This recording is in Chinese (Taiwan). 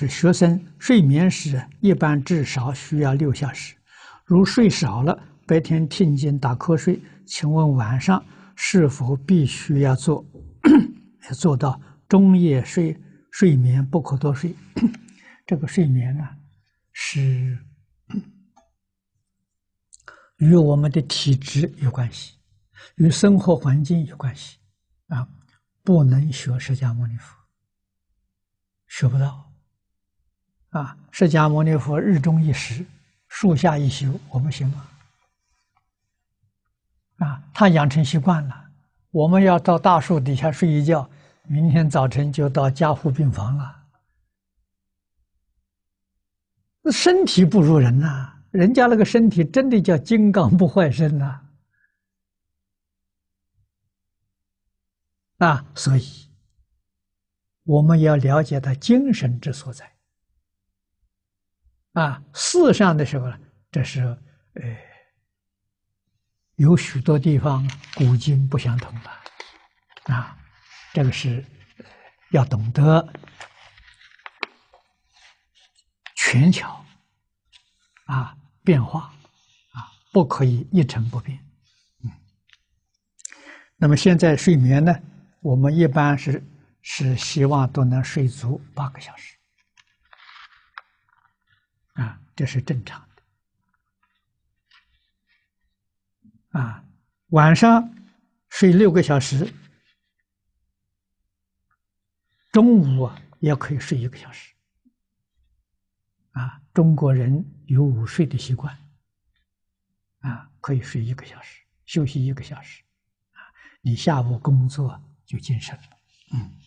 是學生睡眠時一般至少需要六小時，如睡少了，白天聽經打瞌睡，請問晚上是否必須要做，要做到中夜睡睡眠，不可多睡。這個睡眠呢，啊，是與我們的體質有關係，與生活環境有關係啊，不能學釋迦牟尼佛，學不到。啊，釋迦牟尼佛日中一食，樹下一宿，我們行嗎？啊，他養成習慣了，我們要到大樹底下睡一覺，明天早晨就到加護病房了。那身體不如人吶、啊，人家那個身體真的叫金剛不壞身吶、啊。啊，所以我們要了解他精神之所在。啊，四上的時候呢，這是，呃，有許多地方古今不相同的啊，這個是，要懂得權巧，啊，變化，啊，不可以一成不變。嗯，那麼現在睡眠呢，我們一般是是希望都能睡足八個小時。這是正常的啊！晚上睡六個小時，中午也可以睡一個小時啊！中國人有午睡的習慣啊，可以睡一個小時，休息一個小時啊，你下午工作就精神了，嗯。